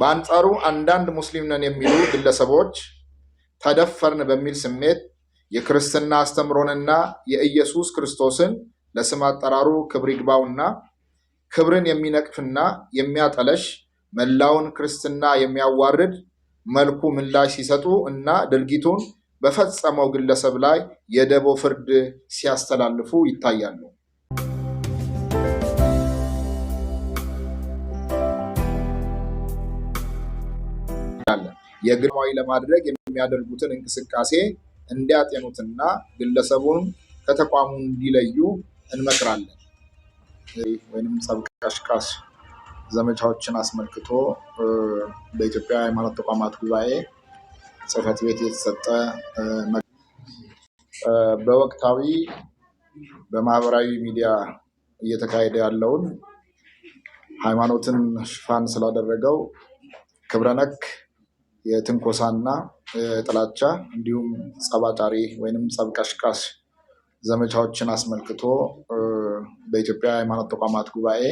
በአንጻሩ አንዳንድ ሙስሊም ነን የሚሉ ግለሰቦች ተደፈርን በሚል ስሜት የክርስትና አስተምሮንና የኢየሱስ ክርስቶስን ለስም አጠራሩ ክብር ይግባውና ክብርን የሚነቅፍና የሚያጠለሽ መላውን ክርስትና የሚያዋርድ መልኩ ምላሽ ሲሰጡ እና ድርጊቱን በፈጸመው ግለሰብ ላይ የደቦ ፍርድ ሲያስተላልፉ ይታያሉ። የግላዊ ለማድረግ የሚያደርጉትን እንቅስቃሴ እንዲያጤኑትና ግለሰቡን ከተቋሙ እንዲለዩ እንመክራለን። ወይም ጸብ ቀስቃሽ ዘመቻዎችን አስመልክቶ በኢትዮጵያ ሃይማኖት ተቋማት ጉባኤ ጽህፈት ቤት የተሰጠ በወቅታዊ በማህበራዊ ሚዲያ እየተካሄደ ያለውን ሃይማኖትን ሽፋን ስላደረገው ክብረነክ የትንኮሳና ጥላቻ እንዲሁም ጸባጫሪ ወይም ጸብቀሽቃሽ ዘመቻዎችን አስመልክቶ በኢትዮጵያ ሃይማኖት ተቋማት ጉባኤ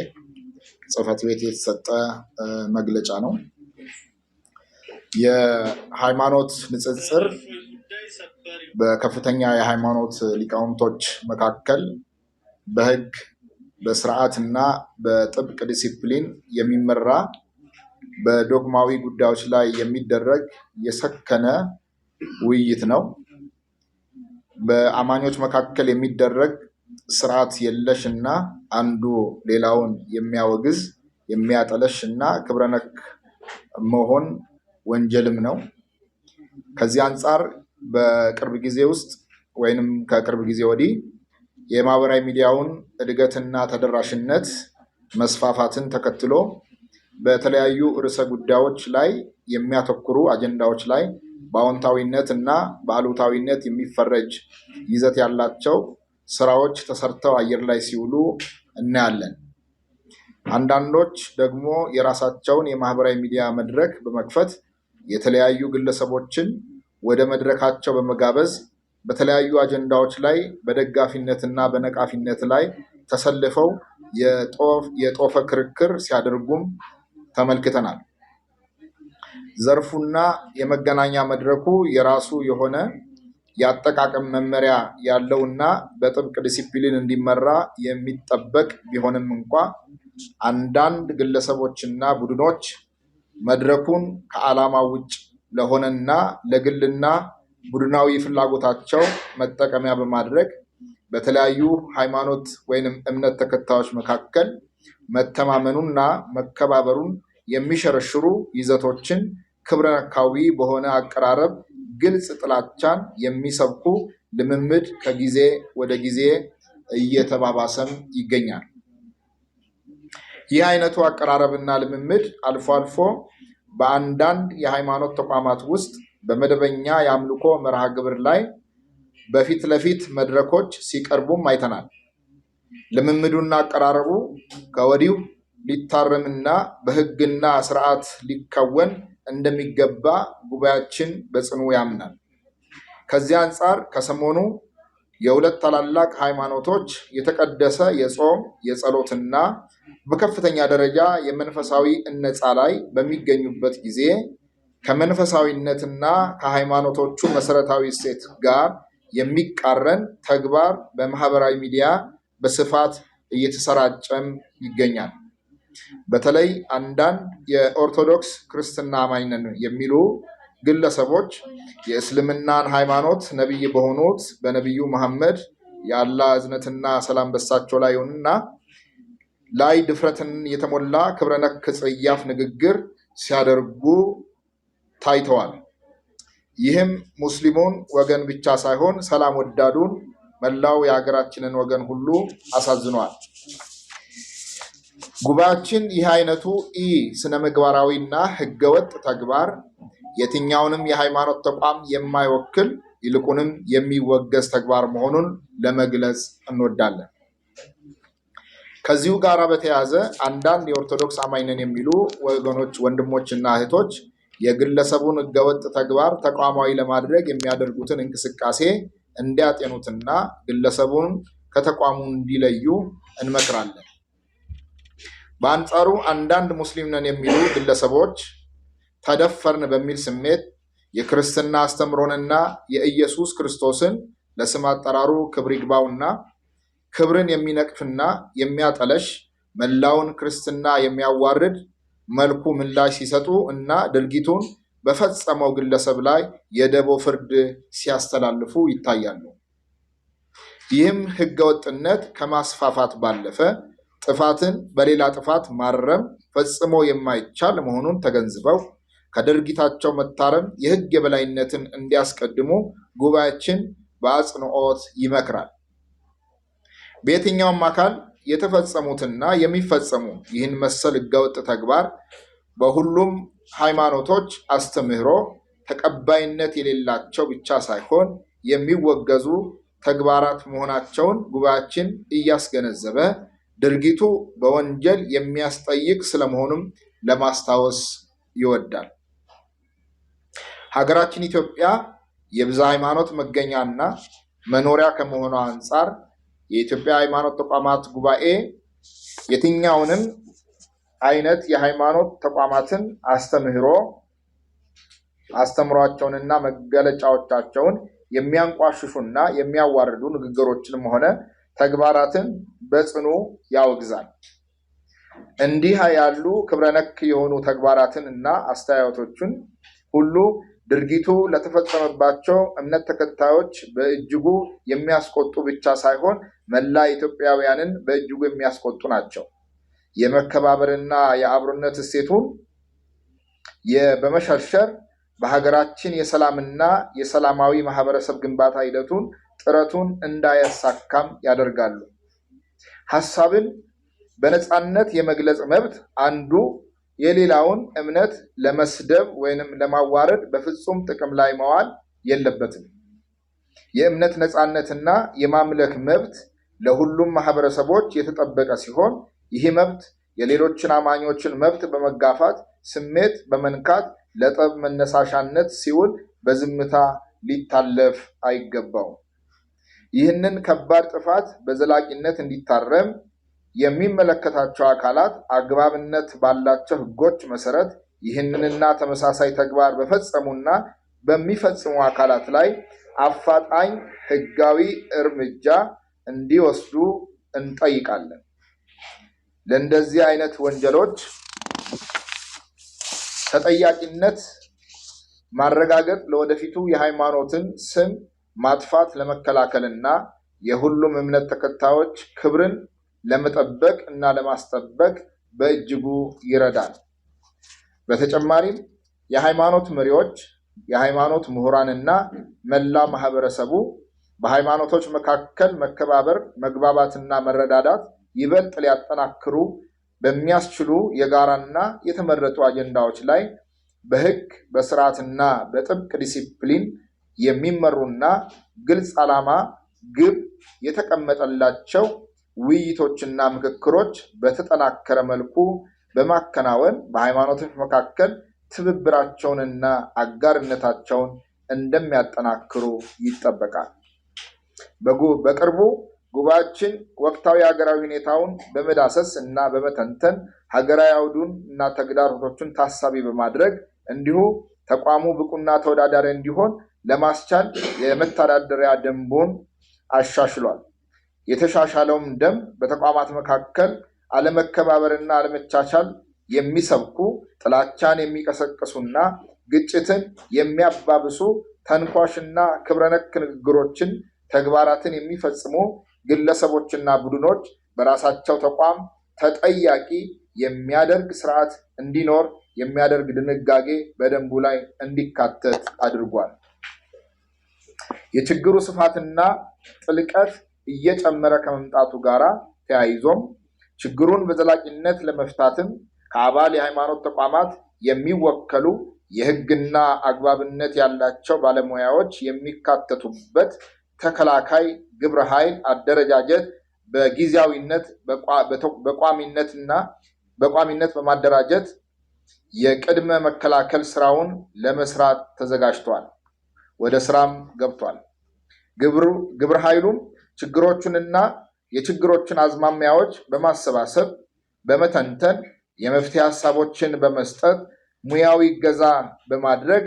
ጽህፈት ቤት የተሰጠ መግለጫ ነው። የሃይማኖት ንጽጽር በከፍተኛ የሃይማኖት ሊቃውንቶች መካከል በህግ በስርዓት እና በጥብቅ ዲሲፕሊን የሚመራ በዶግማዊ ጉዳዮች ላይ የሚደረግ የሰከነ ውይይት ነው። በአማኞች መካከል የሚደረግ ስርዓት የለሽ እና አንዱ ሌላውን የሚያወግዝ የሚያጠለሽ እና ክብረነክ መሆን ወንጀልም ነው። ከዚህ አንጻር በቅርብ ጊዜ ውስጥ ወይንም ከቅርብ ጊዜ ወዲህ የማህበራዊ ሚዲያውን እድገትና ተደራሽነት መስፋፋትን ተከትሎ በተለያዩ ርዕሰ ጉዳዮች ላይ የሚያተኩሩ አጀንዳዎች ላይ በአዎንታዊነት እና በአሉታዊነት የሚፈረጅ ይዘት ያላቸው ስራዎች ተሰርተው አየር ላይ ሲውሉ እናያለን። አንዳንዶች ደግሞ የራሳቸውን የማህበራዊ ሚዲያ መድረክ በመክፈት የተለያዩ ግለሰቦችን ወደ መድረካቸው በመጋበዝ በተለያዩ አጀንዳዎች ላይ በደጋፊነትና በነቃፊነት ላይ ተሰልፈው የጦፈ ክርክር ሲያደርጉም ተመልክተናል። ዘርፉና የመገናኛ መድረኩ የራሱ የሆነ የአጠቃቀም መመሪያ ያለውና በጥብቅ ዲሲፕሊን እንዲመራ የሚጠበቅ ቢሆንም እንኳ አንዳንድ ግለሰቦችና ቡድኖች መድረኩን ከዓላማ ውጭ ለሆነና ለግልና ቡድናዊ ፍላጎታቸው መጠቀሚያ በማድረግ በተለያዩ ሃይማኖት ወይንም እምነት ተከታዮች መካከል መተማመኑና መከባበሩን የሚሸረሽሩ ይዘቶችን ክብረ ነካዊ በሆነ አቀራረብ ግልጽ ጥላቻን የሚሰብኩ ልምምድ ከጊዜ ወደ ጊዜ እየተባባሰም ይገኛል። ይህ አይነቱ አቀራረብና ልምምድ አልፎ አልፎ በአንዳንድ የሃይማኖት ተቋማት ውስጥ በመደበኛ የአምልኮ መርሃ ግብር ላይ በፊት ለፊት መድረኮች ሲቀርቡም አይተናል። ልምምዱና አቀራረቡ ከወዲሁ ሊታረምና በህግና ስርዓት ሊከወን እንደሚገባ ጉባኤያችን በጽኑ ያምናል። ከዚህ አንጻር ከሰሞኑ የሁለት ታላላቅ ሃይማኖቶች የተቀደሰ የጾም የጸሎትና በከፍተኛ ደረጃ የመንፈሳዊ እነፃ ላይ በሚገኙበት ጊዜ ከመንፈሳዊነትና ከሃይማኖቶቹ መሰረታዊ እሴት ጋር የሚቃረን ተግባር በማህበራዊ ሚዲያ በስፋት እየተሰራጨም ይገኛል። በተለይ አንዳንድ የኦርቶዶክስ ክርስትና አማኝ የሚሉ ግለሰቦች የእስልምናን ሃይማኖት ነቢይ በሆኑት በነቢዩ መሐመድ የአላ እዝነትና ሰላም በሳቸው ላይ ይሁንና ላይ ድፍረትን የተሞላ ክብረነክ ጽያፍ ንግግር ሲያደርጉ ታይተዋል። ይህም ሙስሊሙን ወገን ብቻ ሳይሆን ሰላም ወዳዱን መላው የሀገራችንን ወገን ሁሉ አሳዝኗል። ጉባኤያችን ይህ አይነቱ ኢ ስነ ምግባራዊና ህገወጥ ተግባር የትኛውንም የሃይማኖት ተቋም የማይወክል ይልቁንም የሚወገዝ ተግባር መሆኑን ለመግለጽ እንወዳለን። ከዚሁ ጋር በተያያዘ አንዳንድ የኦርቶዶክስ አማኝ ነን የሚሉ ወገኖች፣ ወንድሞችና እህቶች የግለሰቡን ህገወጥ ተግባር ተቋማዊ ለማድረግ የሚያደርጉትን እንቅስቃሴ እንዲያጤኑትና ግለሰቡን ከተቋሙ እንዲለዩ እንመክራለን። በአንጻሩ አንዳንድ ሙስሊም ነን የሚሉ ግለሰቦች ተደፈርን በሚል ስሜት የክርስትና አስተምሮንና የኢየሱስ ክርስቶስን ለስም አጠራሩ ክብር ይግባውና ክብርን የሚነቅፍና የሚያጠለሽ መላውን ክርስትና የሚያዋርድ መልኩ ምላሽ ሲሰጡ እና ድርጊቱን በፈጸመው ግለሰብ ላይ የደቦ ፍርድ ሲያስተላልፉ ይታያሉ። ይህም ሕገወጥነት ከማስፋፋት ባለፈ ጥፋትን በሌላ ጥፋት ማረም ፈጽሞ የማይቻል መሆኑን ተገንዝበው ከድርጊታቸው መታረም የሕግ የበላይነትን እንዲያስቀድሙ ጉባኤያችን በአጽንኦት ይመክራል። በየትኛውም አካል የተፈጸሙትና የሚፈጸሙ ይህን መሰል ሕገወጥ ተግባር በሁሉም ሃይማኖቶች አስተምህሮ ተቀባይነት የሌላቸው ብቻ ሳይሆን የሚወገዙ ተግባራት መሆናቸውን ጉባኤያችን እያስገነዘበ ድርጊቱ በወንጀል የሚያስጠይቅ ስለመሆኑም ለማስታወስ ይወዳል። ሀገራችን ኢትዮጵያ የብዙ ሃይማኖት መገኛና መኖሪያ ከመሆኗ አንጻር የኢትዮጵያ ሃይማኖት ተቋማት ጉባኤ የትኛውንም አይነት የሃይማኖት ተቋማትን አስተምህሮ አስተምሯቸውንና መገለጫዎቻቸውን የሚያንቋሽሹና የሚያዋርዱ ንግግሮችንም ሆነ ተግባራትን በጽኑ ያወግዛል። እንዲህ ያሉ ክብረነክ የሆኑ ተግባራትን እና አስተያየቶችን ሁሉ ድርጊቱ ለተፈጸመባቸው እምነት ተከታዮች በእጅጉ የሚያስቆጡ ብቻ ሳይሆን መላ ኢትዮጵያውያንን በእጅጉ የሚያስቆጡ ናቸው። የመከባበርና የአብሮነት እሴቱን በመሸርሸር በሀገራችን የሰላምና የሰላማዊ ማህበረሰብ ግንባታ ሂደቱን ጥረቱን እንዳያሳካም ያደርጋሉ። ሀሳብን በነፃነት የመግለጽ መብት አንዱ የሌላውን እምነት ለመስደብ ወይንም ለማዋረድ በፍጹም ጥቅም ላይ መዋል የለበትም። የእምነት ነፃነትና የማምለክ መብት ለሁሉም ማህበረሰቦች የተጠበቀ ሲሆን ይህ መብት የሌሎችን አማኞችን መብት በመጋፋት ስሜት በመንካት ለጠብ መነሳሻነት ሲውል በዝምታ ሊታለፍ አይገባውም። ይህንን ከባድ ጥፋት በዘላቂነት እንዲታረም የሚመለከታቸው አካላት አግባብነት ባላቸው ሕጎች መሰረት ይህንንና ተመሳሳይ ተግባር በፈጸሙና በሚፈጽሙ አካላት ላይ አፋጣኝ ሕጋዊ እርምጃ እንዲወስዱ እንጠይቃለን። ለእንደዚህ አይነት ወንጀሎች ተጠያቂነት ማረጋገጥ ለወደፊቱ የሃይማኖትን ስም ማጥፋት ለመከላከልና የሁሉም እምነት ተከታዮች ክብርን ለመጠበቅ እና ለማስጠበቅ በእጅጉ ይረዳል። በተጨማሪም የሃይማኖት መሪዎች፣ የሃይማኖት ምሁራንና መላ ማህበረሰቡ በሃይማኖቶች መካከል መከባበር፣ መግባባትና መረዳዳት ይበልጥ ሊያጠናክሩ በሚያስችሉ የጋራና የተመረጡ አጀንዳዎች ላይ በህግ፣ በስርዓትና በጥብቅ ዲሲፕሊን የሚመሩና ግልጽ ዓላማ፣ ግብ የተቀመጠላቸው ውይይቶችና ምክክሮች በተጠናከረ መልኩ በማከናወን በሃይማኖቶች መካከል ትብብራቸውንና አጋርነታቸውን እንደሚያጠናክሩ ይጠበቃል። በቅርቡ ጉባኤያችን ወቅታዊ ሀገራዊ ሁኔታውን በመዳሰስ እና በመተንተን ሀገራዊ አውዱን እና ተግዳሮቶቹን ታሳቢ በማድረግ እንዲሁ ተቋሙ ብቁና ተወዳዳሪ እንዲሆን ለማስቻል የመተዳደሪያ ደንቡን አሻሽሏል። የተሻሻለውም ደንብ በተቋማት መካከል አለመከባበርና አለመቻቻል የሚሰብኩ ጥላቻን የሚቀሰቅሱና ግጭትን የሚያባብሱ ተንኳሽና ክብረነክ ንግግሮችን፣ ተግባራትን የሚፈጽሙ ግለሰቦችና ቡድኖች በራሳቸው ተቋም ተጠያቂ የሚያደርግ ስርዓት እንዲኖር የሚያደርግ ድንጋጌ በደንቡ ላይ እንዲካተት አድርጓል። የችግሩ ስፋትና ጥልቀት እየጨመረ ከመምጣቱ ጋር ተያይዞም ችግሩን በዘላቂነት ለመፍታትም ከአባል የሃይማኖት ተቋማት የሚወከሉ የሕግና አግባብነት ያላቸው ባለሙያዎች የሚካተቱበት ተከላካይ ግብረ ኃይል አደረጃጀት በጊዜያዊነት በቋሚነትና በቋሚነት በማደራጀት የቅድመ መከላከል ስራውን ለመስራት ተዘጋጅቷል። ወደ ስራም ገብቷል። ግብረ ኃይሉም ችግሮቹንና የችግሮችን አዝማሚያዎች በማሰባሰብ በመተንተን የመፍትሄ ሀሳቦችን በመስጠት ሙያዊ እገዛ በማድረግ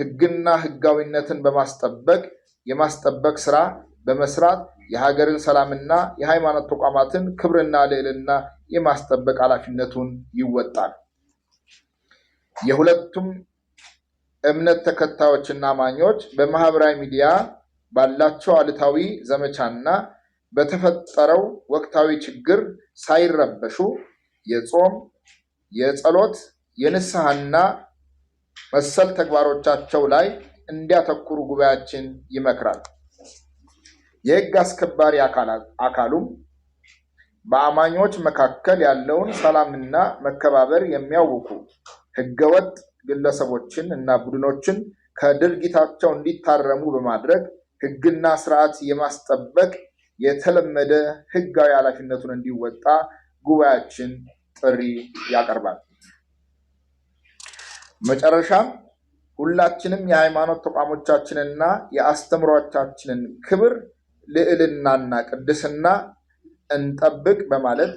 ህግና ህጋዊነትን በማስጠበቅ የማስጠበቅ ስራ በመስራት የሀገርን ሰላምና የሃይማኖት ተቋማትን ክብርና ልዕልና የማስጠበቅ ኃላፊነቱን ይወጣል። የሁለቱም እምነት ተከታዮችና አማኞች በማህበራዊ ሚዲያ ባላቸው አልታዊ ዘመቻና በተፈጠረው ወቅታዊ ችግር ሳይረበሹ የጾም፣ የጸሎት፣ የንስሐና መሰል ተግባሮቻቸው ላይ እንዲያተኩሩ ጉባኤያችን ይመክራል። የህግ አስከባሪ አካሉም በአማኞች መካከል ያለውን ሰላምና መከባበር የሚያውኩ ህገወጥ ግለሰቦችን እና ቡድኖችን ከድርጊታቸው እንዲታረሙ በማድረግ ህግና ስርዓት የማስጠበቅ የተለመደ ህጋዊ ኃላፊነቱን እንዲወጣ ጉባኤያችን ጥሪ ያቀርባል። መጨረሻም ሁላችንም የሃይማኖት ተቋሞቻችንና የአስተምሮቻችንን ክብር ልዕልናና ቅድስና እንጠብቅ በማለት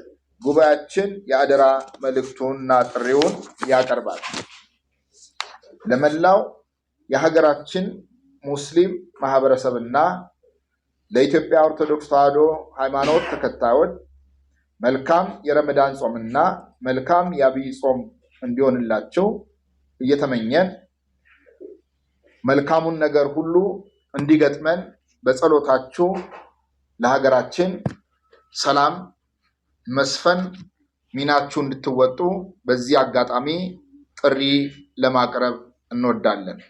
ጉባኤያችን የአደራ መልእክቱንና ጥሪውን ያቀርባል። ለመላው የሀገራችን ሙስሊም ማህበረሰብና ለኢትዮጵያ ኦርቶዶክስ ተዋሕዶ ሃይማኖት ተከታዮች መልካም የረመዳን ጾምና መልካም የአብይ ጾም እንዲሆንላቸው እየተመኘን መልካሙን ነገር ሁሉ እንዲገጥመን በጸሎታችሁ ለሀገራችን ሰላም መስፈን ሚናችሁ እንድትወጡ በዚህ አጋጣሚ ጥሪ ለማቅረብ not done then.